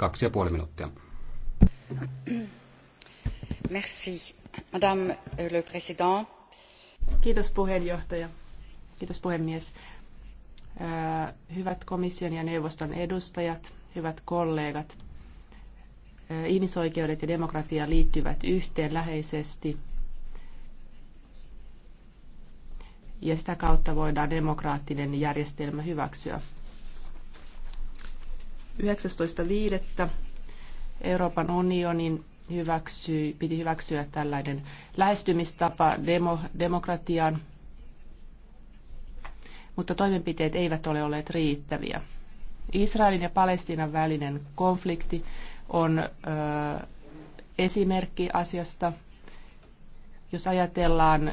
Kaksi ja puoli minuuttia. Merci, Madame le Président. Kiitos puheenjohtaja. Kiitos puhemies. Hyvät komission ja neuvoston edustajat, hyvät kollegat. Ihmisoikeudet ja demokratia liittyvät yhteen läheisesti ja sitä kautta voidaan demokraattinen järjestelmä hyväksyä. 19.5. Euroopan unionin hyväksyi, piti hyväksyä tällainen lähestymistapa demo, demokratiaan, mutta toimenpiteet eivät ole olleet riittäviä. Israelin ja Palestiinan välinen konflikti on ö, esimerkki asiasta. Jos ajatellaan,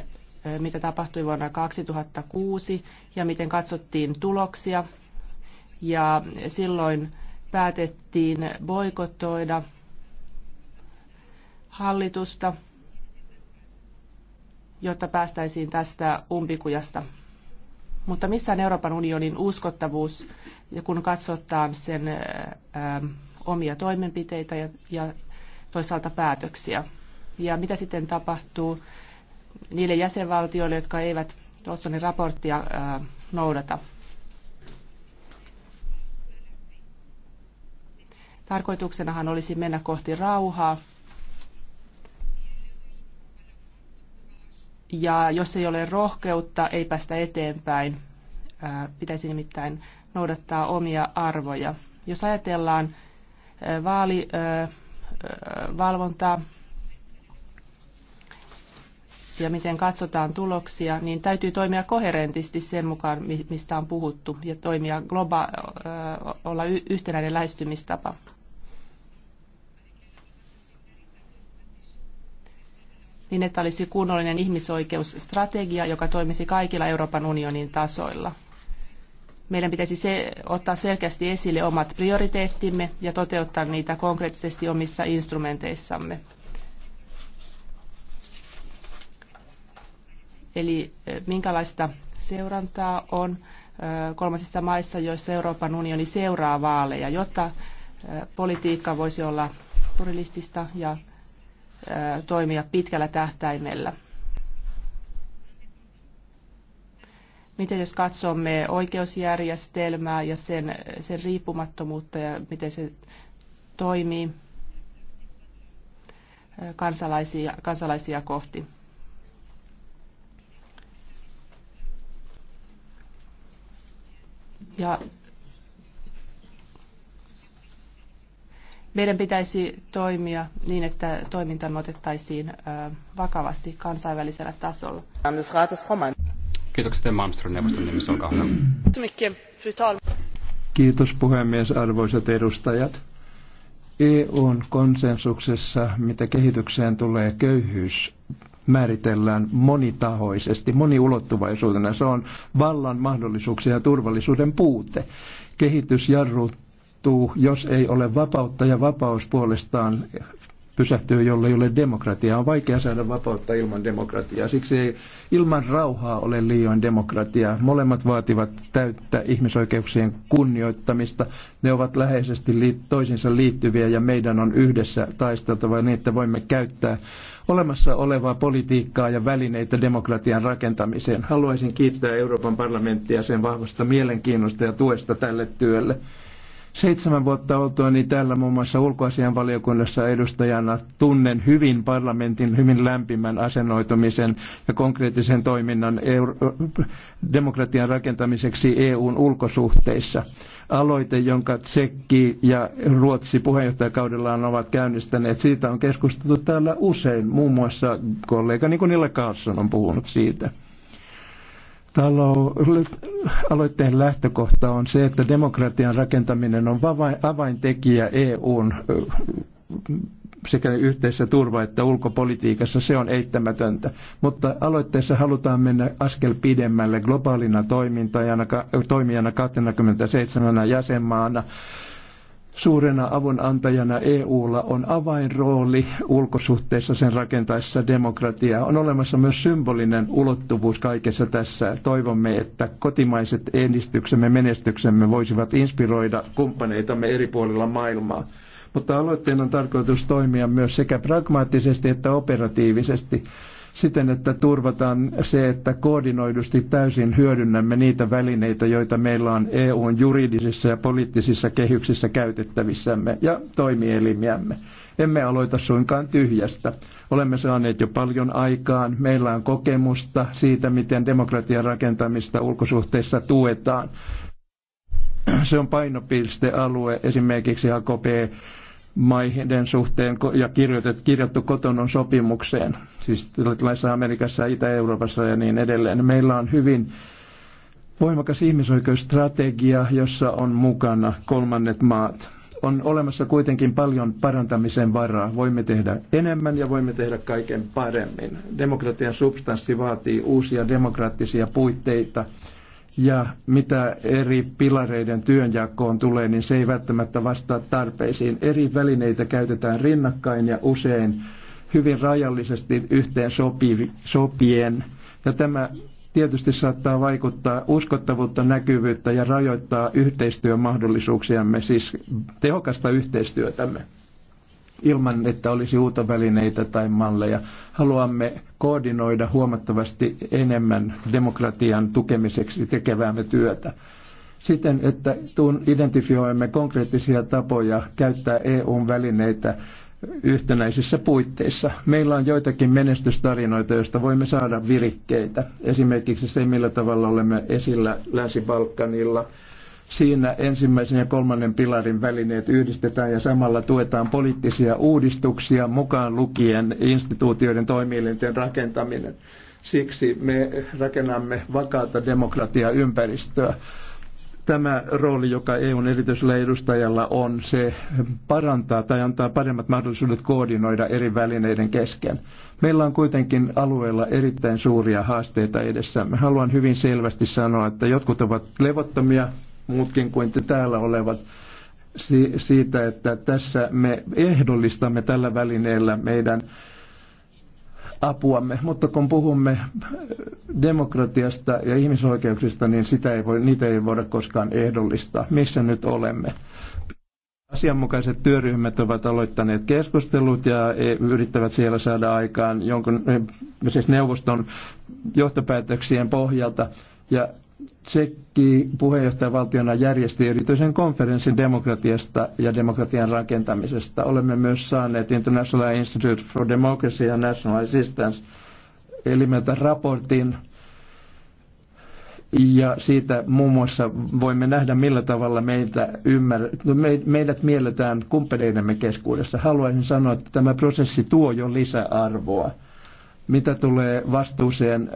mitä tapahtui vuonna 2006 ja miten katsottiin tuloksia, ja silloin päätettiin boikotoida hallitusta, jotta päästäisiin tästä umpikujasta. Mutta on Euroopan unionin uskottavuus, kun katsotaan sen ää, omia toimenpiteitä ja, ja toisaalta päätöksiä. Ja mitä sitten tapahtuu niille jäsenvaltioille, jotka eivät Dodsonin raporttia ää, noudata? Tarkoituksenahan olisi mennä kohti rauhaa. Ja jos ei ole rohkeutta, ei päästä eteenpäin. Pitäisi nimittäin noudattaa omia arvoja. Jos ajatellaan vaalivalvontaa ja miten katsotaan tuloksia, niin täytyy toimia koherentisti sen mukaan, mistä on puhuttu, ja toimia globa- olla yhtenäinen lähestymistapa. niin että olisi kunnollinen ihmisoikeusstrategia, joka toimisi kaikilla Euroopan unionin tasoilla. Meidän pitäisi se, ottaa selkeästi esille omat prioriteettimme ja toteuttaa niitä konkreettisesti omissa instrumenteissamme. Eli e, minkälaista seurantaa on e, kolmansissa maissa, joissa Euroopan unioni seuraa vaaleja, jotta e, politiikka voisi olla turistista ja toimia pitkällä tähtäimellä. Miten jos katsomme oikeusjärjestelmää ja sen, sen riippumattomuutta ja miten se toimii kansalaisia, kansalaisia kohti? Ja Meidän pitäisi toimia niin, että toimintamme otettaisiin vakavasti kansainvälisellä tasolla. Kiitoksia teidän Malmström neuvoston nimissä, olkaa hyvä. Kiitos puhemies, arvoisat edustajat. EUn konsensuksessa, mitä kehitykseen tulee, köyhyys määritellään monitahoisesti, moniulottuvaisuutena. Se on vallan mahdollisuuksien ja turvallisuuden puute. Kehitys jarruttaa tapahtuu, jos ei ole vapautta ja vapaus puolestaan pysähtyy, jolle ei ole demokratiaa. On vaikea saada vapautta ilman demokratiaa. Siksi ei ilman rauhaa ole liioin demokratiaa. Molemmat vaativat täyttä ihmisoikeuksien kunnioittamista. Ne ovat läheisesti toisinsa liittyviä ja meidän on yhdessä taisteltava niin, että voimme käyttää olemassa olevaa politiikkaa ja välineitä demokratian rakentamiseen. Haluaisin kiittää Euroopan parlamenttia sen vahvasta mielenkiinnosta ja tuesta tälle työlle. Seitsemän vuotta niin täällä muun muassa ulkoasianvaliokunnassa edustajana tunnen hyvin parlamentin hyvin lämpimän asennoitumisen ja konkreettisen toiminnan euro- demokratian rakentamiseksi EUn ulkosuhteissa. Aloite, jonka Tsekki ja Ruotsi puheenjohtajakaudellaan ovat käynnistäneet, siitä on keskusteltu täällä usein. Muun muassa kollega Nikonilla Carlson on puhunut siitä talou- aloitteen lähtökohta on se, että demokratian rakentaminen on avaintekijä EUn sekä yhteisessä turva- että ulkopolitiikassa, se on eittämätöntä. Mutta aloitteessa halutaan mennä askel pidemmälle globaalina toimintajana, toimijana 27 jäsenmaana Suurena avunantajana EUlla on avainrooli ulkosuhteissa sen rakentaessa demokratiaa. On olemassa myös symbolinen ulottuvuus kaikessa tässä. Toivomme, että kotimaiset edistyksemme, menestyksemme voisivat inspiroida kumppaneitamme eri puolilla maailmaa. Mutta aloitteen on tarkoitus toimia myös sekä pragmaattisesti että operatiivisesti siten, että turvataan se, että koordinoidusti täysin hyödynnämme niitä välineitä, joita meillä on EUn juridisissa ja poliittisissa kehyksissä käytettävissämme ja toimielimiämme. Emme aloita suinkaan tyhjästä. Olemme saaneet jo paljon aikaan. Meillä on kokemusta siitä, miten demokratian rakentamista ulkosuhteissa tuetaan se on painopistealue esimerkiksi AKP maiden suhteen ja kirjoitettu, kirjattu kotonon sopimukseen, siis Latinalaisessa Amerikassa, Itä-Euroopassa ja niin edelleen. Meillä on hyvin voimakas ihmisoikeusstrategia, jossa on mukana kolmannet maat. On olemassa kuitenkin paljon parantamisen varaa. Voimme tehdä enemmän ja voimme tehdä kaiken paremmin. Demokratian substanssi vaatii uusia demokraattisia puitteita ja mitä eri pilareiden työnjakoon tulee, niin se ei välttämättä vastaa tarpeisiin. Eri välineitä käytetään rinnakkain ja usein hyvin rajallisesti yhteen sopien. Ja tämä tietysti saattaa vaikuttaa uskottavuutta, näkyvyyttä ja rajoittaa yhteistyömahdollisuuksiamme, siis tehokasta yhteistyötämme ilman, että olisi huutovälineitä tai malleja. Haluamme koordinoida huomattavasti enemmän demokratian tukemiseksi tekeväämme työtä siten, että identifioimme konkreettisia tapoja käyttää eu välineitä yhtenäisissä puitteissa. Meillä on joitakin menestystarinoita, joista voimme saada virikkeitä. Esimerkiksi se, millä tavalla olemme esillä Länsi-Balkanilla – Siinä ensimmäisen ja kolmannen pilarin välineet yhdistetään ja samalla tuetaan poliittisia uudistuksia mukaan lukien instituutioiden toimielinten rakentaminen. Siksi me rakennamme vakaata demokratiaympäristöä tämä rooli, joka EUn erityisellä edustajalla on, se parantaa tai antaa paremmat mahdollisuudet koordinoida eri välineiden kesken. Meillä on kuitenkin alueella erittäin suuria haasteita edessä. Haluan hyvin selvästi sanoa, että jotkut ovat levottomia, muutkin kuin te täällä olevat siitä, että tässä me ehdollistamme tällä välineellä meidän apuamme. Mutta kun puhumme eh, demokratiasta ja ihmisoikeuksista, niin sitä ei voi, niitä ei voida koskaan ehdollistaa. Missä nyt olemme? Asianmukaiset työryhmät ovat aloittaneet keskustelut ja eh, yrittävät siellä saada aikaan jonkun, eh, siis neuvoston johtopäätöksien pohjalta. Ja Tsekki puheenjohtajavaltiona järjesti erityisen konferenssin demokratiasta ja demokratian rakentamisesta. Olemme myös saaneet International Institute for Democracy and National Assistance elimeltä raportin ja siitä muun muassa voimme nähdä, millä tavalla meitä ymmär... No me, meidät mielletään kumppaneidemme keskuudessa. Haluaisin sanoa, että tämä prosessi tuo jo lisäarvoa. Mitä tulee vastuuseen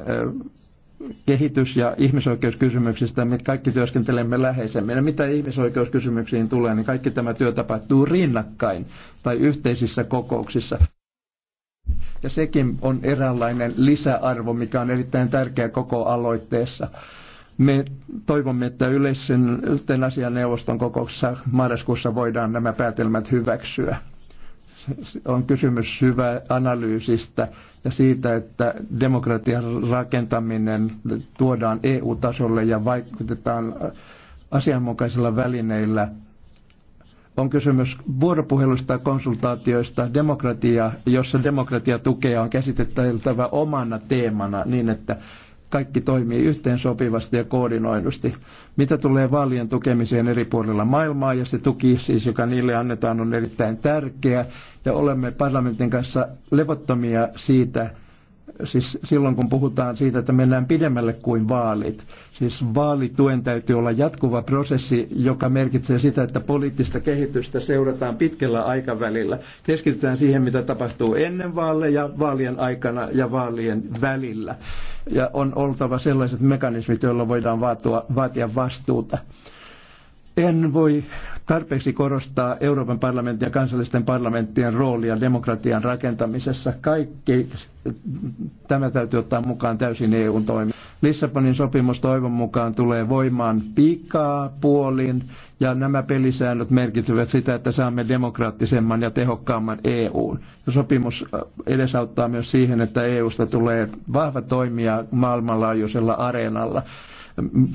kehitys- ja ihmisoikeuskysymyksistä. Me kaikki työskentelemme läheisemmin. Ja mitä ihmisoikeuskysymyksiin tulee, niin kaikki tämä työ tapahtuu rinnakkain tai yhteisissä kokouksissa. Ja sekin on eräänlainen lisäarvo, mikä on erittäin tärkeä koko aloitteessa. Me toivomme, että yleisen asianneuvoston kokouksessa marraskuussa voidaan nämä päätelmät hyväksyä on kysymys syvä analyysistä ja siitä, että demokratian rakentaminen tuodaan EU-tasolle ja vaikutetaan asianmukaisilla välineillä. On kysymys vuoropuhelusta ja konsultaatioista. Demokratia, jossa demokratia tukea on käsiteltävä omana teemana niin, että kaikki toimii yhteensopivasti ja koordinoidusti. Mitä tulee vaalien tukemiseen eri puolilla maailmaa ja se tuki siis, joka niille annetaan, on erittäin tärkeä ja olemme parlamentin kanssa levottomia siitä, siis silloin kun puhutaan siitä, että mennään pidemmälle kuin vaalit. Siis vaalituen täytyy olla jatkuva prosessi, joka merkitsee sitä, että poliittista kehitystä seurataan pitkällä aikavälillä. Keskitytään siihen, mitä tapahtuu ennen vaaleja, vaalien aikana ja vaalien välillä. Ja on oltava sellaiset mekanismit, joilla voidaan vaatua, vaatia vastuuta. En voi tarpeeksi korostaa Euroopan parlamentin ja kansallisten parlamenttien roolia demokratian rakentamisessa. Kaikki tämä täytyy ottaa mukaan täysin EUn toimi. Lissabonin sopimus toivon mukaan tulee voimaan pikaa puolin ja nämä pelisäännöt merkitsevät sitä, että saamme demokraattisemman ja tehokkaamman EUn. sopimus äh, edesauttaa myös siihen, että EUsta tulee vahva toimija maailmanlaajuisella areenalla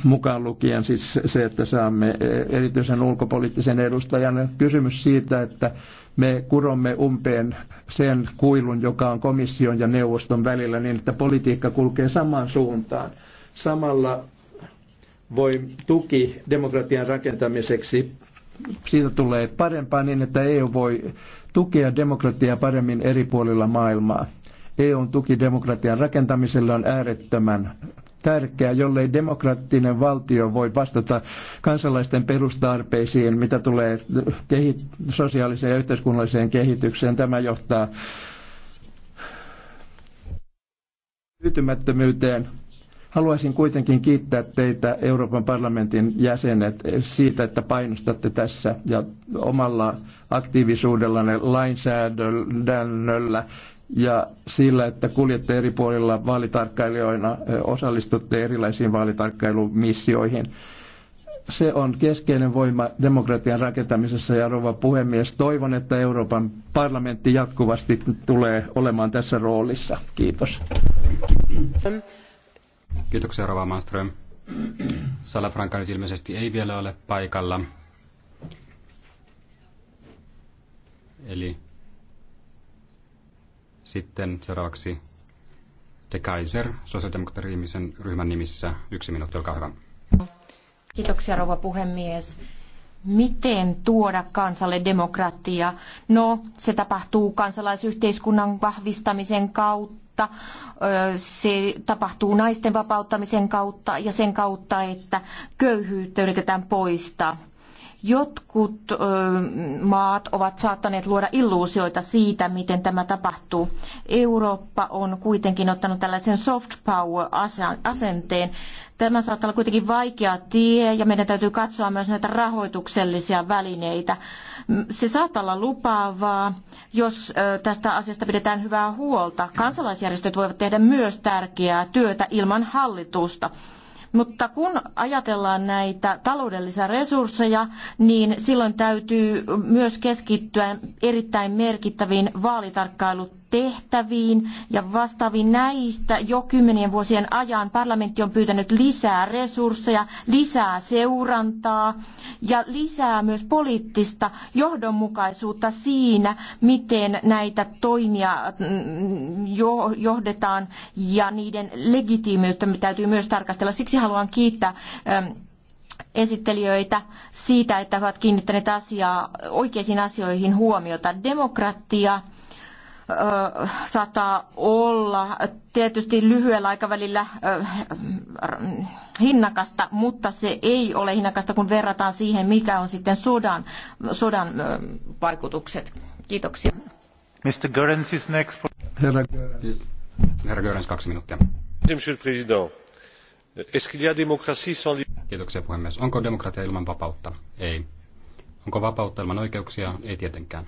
mukaan lukien siis se, että saamme e, erityisen ulkopoliittisen edustajan. Kysymys siitä, että me kuromme umpeen sen kuilun, joka on komission ja neuvoston välillä, niin että politiikka kulkee samaan suuntaan. Samalla voi tuki demokratian rakentamiseksi, siitä tulee parempaa niin, että EU voi tukea demokratiaa paremmin eri puolilla maailmaa. EUn tuki demokratian rakentamiselle on äärettömän tärkeää, jollei demokraattinen valtio voi vastata kansalaisten perustarpeisiin, mitä tulee kehi- sosiaaliseen ja yhteiskunnalliseen kehitykseen. Tämä johtaa tyytymättömyyteen. Haluaisin kuitenkin kiittää teitä Euroopan parlamentin jäsenet siitä, että painostatte tässä ja omalla aktiivisuudellanne lainsäädännöllä ja sillä, että kuljette eri puolilla vaalitarkkailijoina, osallistutte erilaisiin vaalitarkkailumissioihin. Se on keskeinen voima demokratian rakentamisessa ja rouva puhemies, toivon, että Euroopan parlamentti jatkuvasti tulee olemaan tässä roolissa. Kiitos. Kiitoksia rouva Malmström. Sala Franka ilmeisesti ei vielä ole paikalla. Eli sitten seuraavaksi The Kaiser, sosiaalidemokraattisen ryhmän nimissä. Yksi minuutti, olkaa hyvä. Kiitoksia rouva puhemies. Miten tuoda kansalle demokratia? No, se tapahtuu kansalaisyhteiskunnan vahvistamisen kautta, se tapahtuu naisten vapauttamisen kautta ja sen kautta, että köyhyyttä yritetään poistaa Jotkut maat ovat saattaneet luoda illuusioita siitä, miten tämä tapahtuu. Eurooppa on kuitenkin ottanut tällaisen soft power-asenteen. Tämä saattaa olla kuitenkin vaikea tie ja meidän täytyy katsoa myös näitä rahoituksellisia välineitä. Se saattaa olla lupaavaa, jos tästä asiasta pidetään hyvää huolta. Kansalaisjärjestöt voivat tehdä myös tärkeää työtä ilman hallitusta. Mutta kun ajatellaan näitä taloudellisia resursseja, niin silloin täytyy myös keskittyä erittäin merkittäviin vaalitarkkailutehtäviin ja vastaaviin näistä jo kymmenien vuosien ajan parlamentti on pyytänyt lisää resursseja, lisää seurantaa ja lisää myös poliittista johdonmukaisuutta siinä, miten näitä toimia mm, johdetaan ja niiden legitiimiyttä täytyy myös tarkastella. Siksi haluan kiittää ähm, esittelijöitä siitä, että ovat kiinnittäneet asiaa, oikeisiin asioihin huomiota. Demokratia äh, saattaa olla tietysti lyhyellä aikavälillä äh, hinnakasta, mutta se ei ole hinnakasta, kun verrataan siihen, mikä on sitten sodan, sodan äh, vaikutukset. Kiitoksia. Mr. Görens is next for... Herra, Herra Görens, kaksi minuuttia. Monsieur le Président, Kiitoksia puhemies. Onko demokratia ilman vapautta? Ei. Onko vapautta ilman oikeuksia? Ei tietenkään.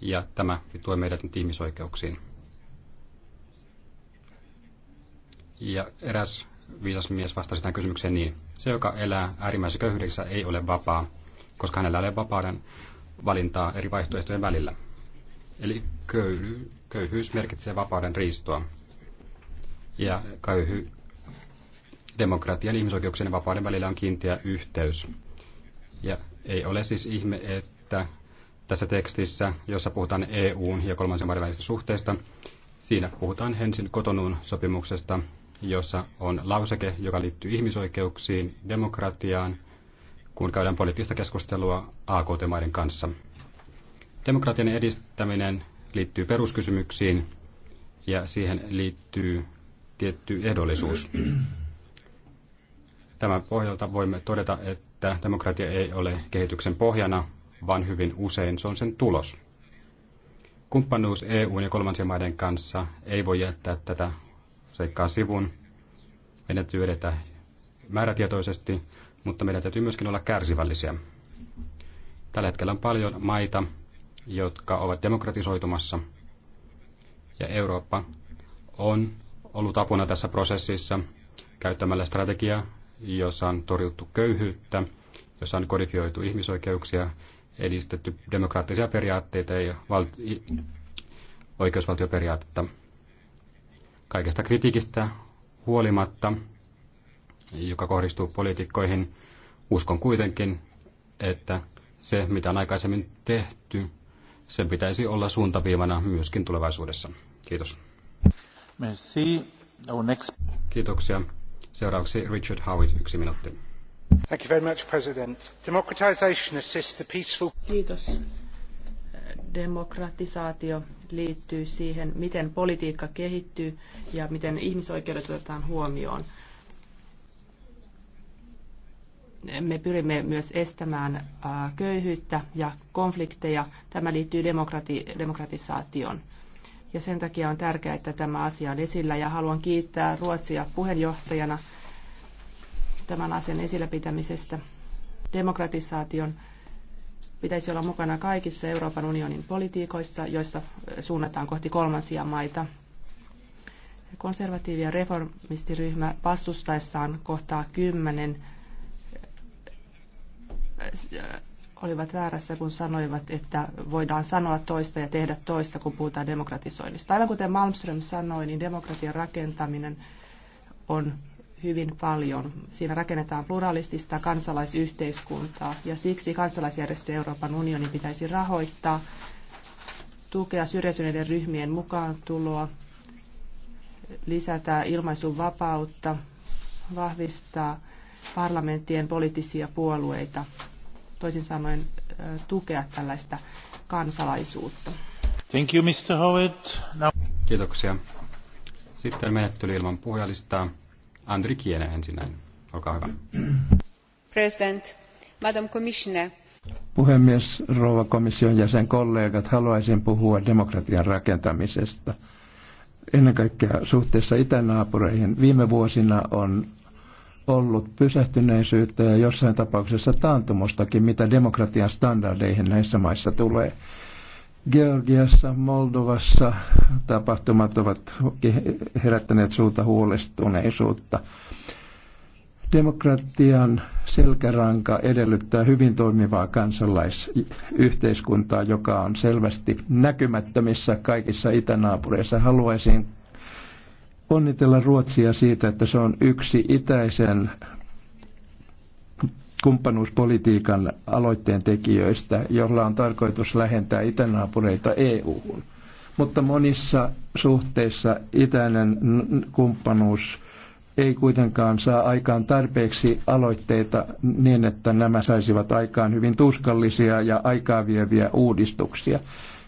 Ja tämä tuo meidät nyt ihmisoikeuksiin. Ja eräs viisas mies vastasi tähän kysymykseen niin. Se, joka elää äärimmäisessä köyhyydessä, ei ole vapaa, koska hänellä ei ole vapauden valintaa eri vaihtoehtojen välillä. Eli köyhyys merkitsee vapauden riistoa. Ja köyhy, Demokratian, ihmisoikeuksien ja vapauden välillä on kiinteä yhteys. Ja ei ole siis ihme, että tässä tekstissä, jossa puhutaan EUn ja kolmansien maiden välisistä suhteista, siinä puhutaan ensin kotonuun sopimuksesta, jossa on lauseke, joka liittyy ihmisoikeuksiin, demokratiaan, kun käydään poliittista keskustelua AKT-maiden kanssa. Demokratian edistäminen liittyy peruskysymyksiin ja siihen liittyy tietty ehdollisuus. Tämän pohjalta voimme todeta, että demokratia ei ole kehityksen pohjana, vaan hyvin usein se on sen tulos. Kumppanuus EUn ja kolmansien maiden kanssa ei voi jättää tätä seikkaa sivun. Meidän täytyy edetä määrätietoisesti, mutta meidän täytyy myöskin olla kärsivällisiä. Tällä hetkellä on paljon maita, jotka ovat demokratisoitumassa, ja Eurooppa on ollut apuna tässä prosessissa käyttämällä strategiaa, jossa on torjuttu köyhyyttä, jossa on kodifioitu ihmisoikeuksia, edistetty demokraattisia periaatteita ja val- oikeusvaltioperiaatetta. Kaikesta kritiikistä huolimatta, joka kohdistuu poliitikkoihin, uskon kuitenkin, että se, mitä on aikaisemmin tehty, sen pitäisi olla suuntaviivana myöskin tulevaisuudessa. Kiitos. Merci. Our next... Kiitoksia. Seuraavaksi Richard Howitt, yksi minuutti. Thank you very much, President. Democratization assists the peaceful... Kiitos. Demokratisaatio liittyy siihen, miten politiikka kehittyy ja miten ihmisoikeudet otetaan huomioon me pyrimme myös estämään köyhyyttä ja konflikteja. Tämä liittyy demokrati- demokratisaatioon ja sen takia on tärkeää, että tämä asia on esillä ja haluan kiittää Ruotsia puheenjohtajana tämän asian esillä pitämisestä. Demokratisaation pitäisi olla mukana kaikissa Euroopan unionin politiikoissa, joissa eh, suunnataan kohti kolmansia maita. Konservatiivi- ja reformistiryhmä vastustaessaan kohtaa kymmenen. Eh, olivat väärässä, kun sanoivat, että voidaan sanoa toista ja tehdä toista, kun puhutaan demokratisoinnista. Aivan kuten Malmström sanoi, niin demokratian rakentaminen on hyvin paljon. Siinä rakennetaan pluralistista kansalaisyhteiskuntaa ja siksi kansalaisjärjestö Euroopan unioni pitäisi rahoittaa, tukea syrjäytyneiden ryhmien mukaan tuloa, lisätä ilmaisun vapautta, vahvistaa parlamenttien poliittisia puolueita toisin sanoen tukea tällaista kansalaisuutta. Thank you, Mr. Howard. Now... Kiitoksia. Sitten menettely ilman puhujalistaa. Andri Kiene ensinnäin. Olkaa hyvä. President, Madam Commissioner. Puhemies, rouva komission jäsen kollegat, haluaisin puhua demokratian rakentamisesta. Ennen kaikkea suhteessa itänaapureihin. Viime vuosina on ollut pysähtyneisyyttä ja jossain tapauksessa taantumustakin, mitä demokratian standardeihin näissä maissa tulee. Georgiassa, Moldovassa tapahtumat ovat herättäneet suurta huolestuneisuutta. Demokratian selkäranka edellyttää hyvin toimivaa kansalaisyhteiskuntaa, joka on selvästi näkymättömissä kaikissa itänaapureissa. Haluaisin onnitella Ruotsia siitä, että se on yksi itäisen kumppanuuspolitiikan aloitteen tekijöistä, jolla on tarkoitus lähentää itänaapureita EU-hun. Mutta monissa suhteissa itäinen kumppanuus ei kuitenkaan saa aikaan tarpeeksi aloitteita niin, että nämä saisivat aikaan hyvin tuskallisia ja aikaa vieviä uudistuksia.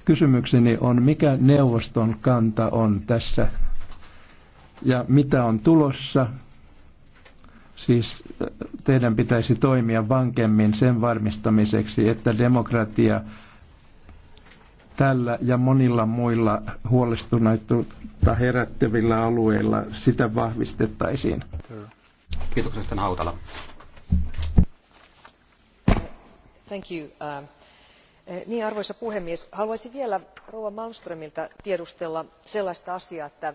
Kysymykseni on, mikä neuvoston kanta on tässä ja mitä on tulossa. Siis teidän pitäisi toimia vankemmin sen varmistamiseksi, että demokratia tällä ja monilla muilla huolestuneita herättävillä alueilla sitä vahvistettaisiin. Kiitoksia sitten Hautala. Thank you. Um, eh, niin, arvoisa puhemies, haluaisin vielä rouva Malmströmiltä tiedustella sellaista asiaa, että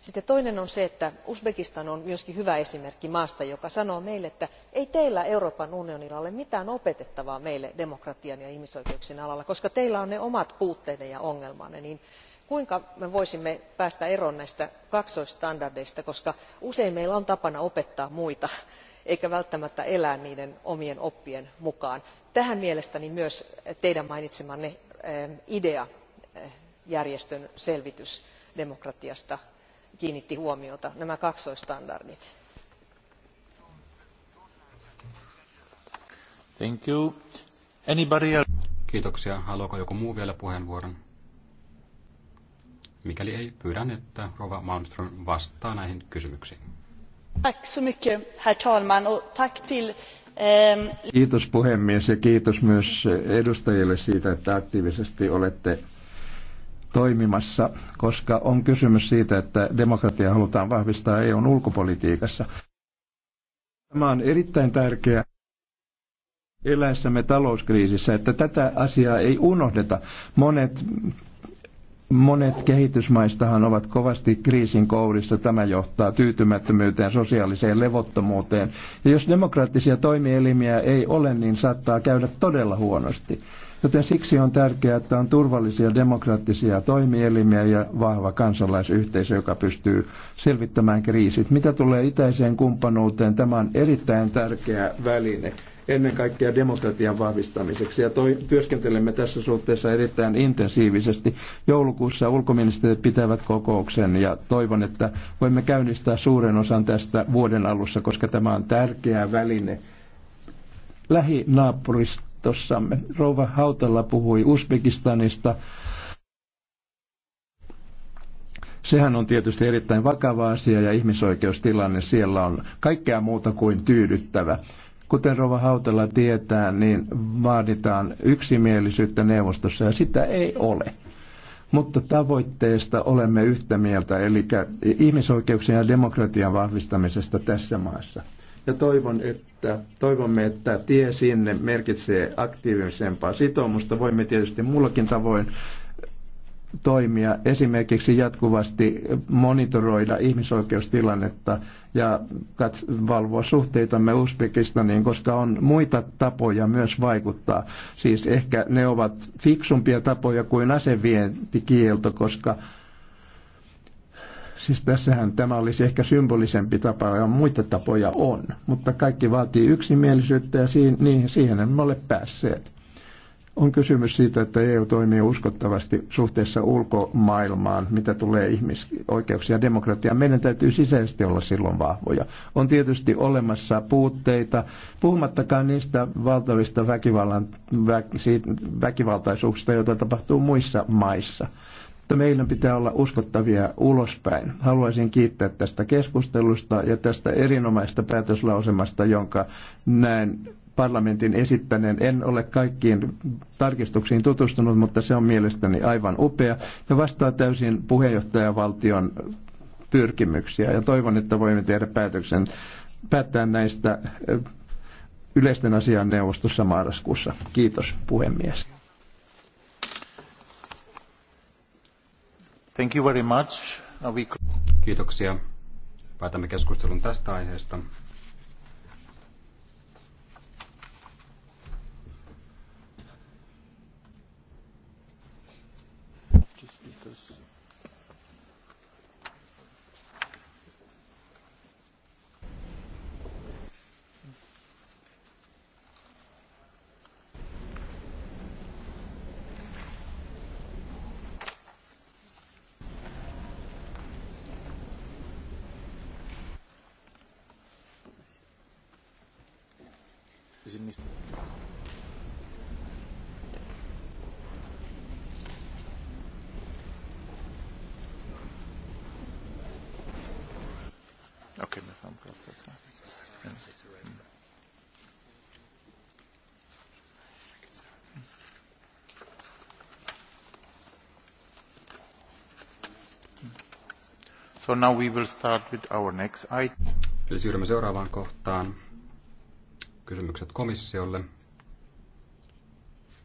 sitten toinen on se että uzbekistan on myös hyvä esimerkki maasta joka sanoo meille että ei teillä euroopan unionilla ole mitään opetettavaa meille demokratian ja ihmisoikeuksien alalla koska teillä on ne omat puutteenne ja ongelmanne niin kuinka me voisimme päästä eroon näistä kaksoisstandardeista koska usein meillä on tapana opettaa muita eikä välttämättä elää niiden omien oppien mukaan. tähän mielestäni myös teidän mainitsemanne eh, idea eh, järjestön selvitys demokratiasta kiinnitti huomiota nämä kaksoisstandardit. Thank you. Anybody else? Kiitoksia. Haluaako joku muu vielä puheenvuoron? Mikäli ei, pyydän, että Rova Malmström vastaa näihin kysymyksiin. Tack så mycket, herr talman, och tack till ehm, Kiitos puhemies ja kiitos myös edustajille siitä, että aktiivisesti olette toimimassa, koska on kysymys siitä, että demokratia halutaan vahvistaa EUn ulkopolitiikassa. Tämä on erittäin tärkeä eläessämme talouskriisissä, että tätä asiaa ei unohdeta. Monet, monet kehitysmaistahan ovat kovasti kriisin kourissa. Tämä johtaa tyytymättömyyteen, sosiaaliseen levottomuuteen. Ja jos demokraattisia toimielimiä ei ole, niin saattaa käydä todella huonosti. Joten siksi on tärkeää, että on turvallisia demokraattisia toimielimiä ja vahva kansalaisyhteisö, joka pystyy selvittämään kriisit. Mitä tulee itäiseen kumppanuuteen, tämä on erittäin tärkeä väline ennen kaikkea demokratian vahvistamiseksi. Ja toi, työskentelemme tässä suhteessa erittäin intensiivisesti. Joulukuussa ulkoministerit pitävät kokouksen ja toivon, että voimme käynnistää suuren osan tästä vuoden alussa, koska tämä on tärkeä väline lähinaapurista tuossa Rouva Hautala puhui Uzbekistanista. Sehän on tietysti erittäin vakava asia ja ihmisoikeustilanne siellä on kaikkea muuta kuin tyydyttävä. Kuten Rova Hautala tietää, niin vaaditaan yksimielisyyttä neuvostossa ja sitä ei ole. Mutta tavoitteesta olemme yhtä mieltä, eli ihmisoikeuksien ja demokratian vahvistamisesta tässä maassa ja toivon, että, toivomme, että tie sinne merkitsee aktiivisempaa sitoumusta. Voimme tietysti mullakin tavoin toimia, esimerkiksi jatkuvasti monitoroida ihmisoikeustilannetta ja kats- valvoa suhteitamme Uzbekistaniin, koska on muita tapoja myös vaikuttaa. Siis ehkä ne ovat fiksumpia tapoja kuin asevientikielto, koska Siis tässähän tämä olisi ehkä symbolisempi tapa ja muita tapoja on, mutta kaikki vaatii yksimielisyyttä ja siihen, niin, siihen emme ole päässeet. On kysymys siitä, että EU toimii uskottavasti suhteessa ulkomaailmaan, mitä tulee ihmisoikeuksia ja demokratiaan. Meidän täytyy sisäisesti olla silloin vahvoja. On tietysti olemassa puutteita, puhumattakaan niistä valtavista väkivallan, vä, siitä, väkivaltaisuuksista, joita tapahtuu muissa maissa – mutta meidän pitää olla uskottavia ulospäin. Haluaisin kiittää tästä keskustelusta ja tästä erinomaista päätöslausemasta, jonka näen parlamentin esittäneen. En ole kaikkiin tarkistuksiin tutustunut, mutta se on mielestäni aivan upea ja vastaa täysin puheenjohtajavaltion pyrkimyksiä. Ja toivon, että voimme tehdä päätöksen päättää näistä yleisten asian neuvostossa marraskuussa. Kiitos puhemies. Thank you very much. No, we... Kiitoksia. Päätämme keskustelun tästä aiheesta. kysyn Okei, okay, me saamme katsoa. So now we will start with our next item. Eli siirrymme seuraavaan kohtaan kysymykset komissiolle.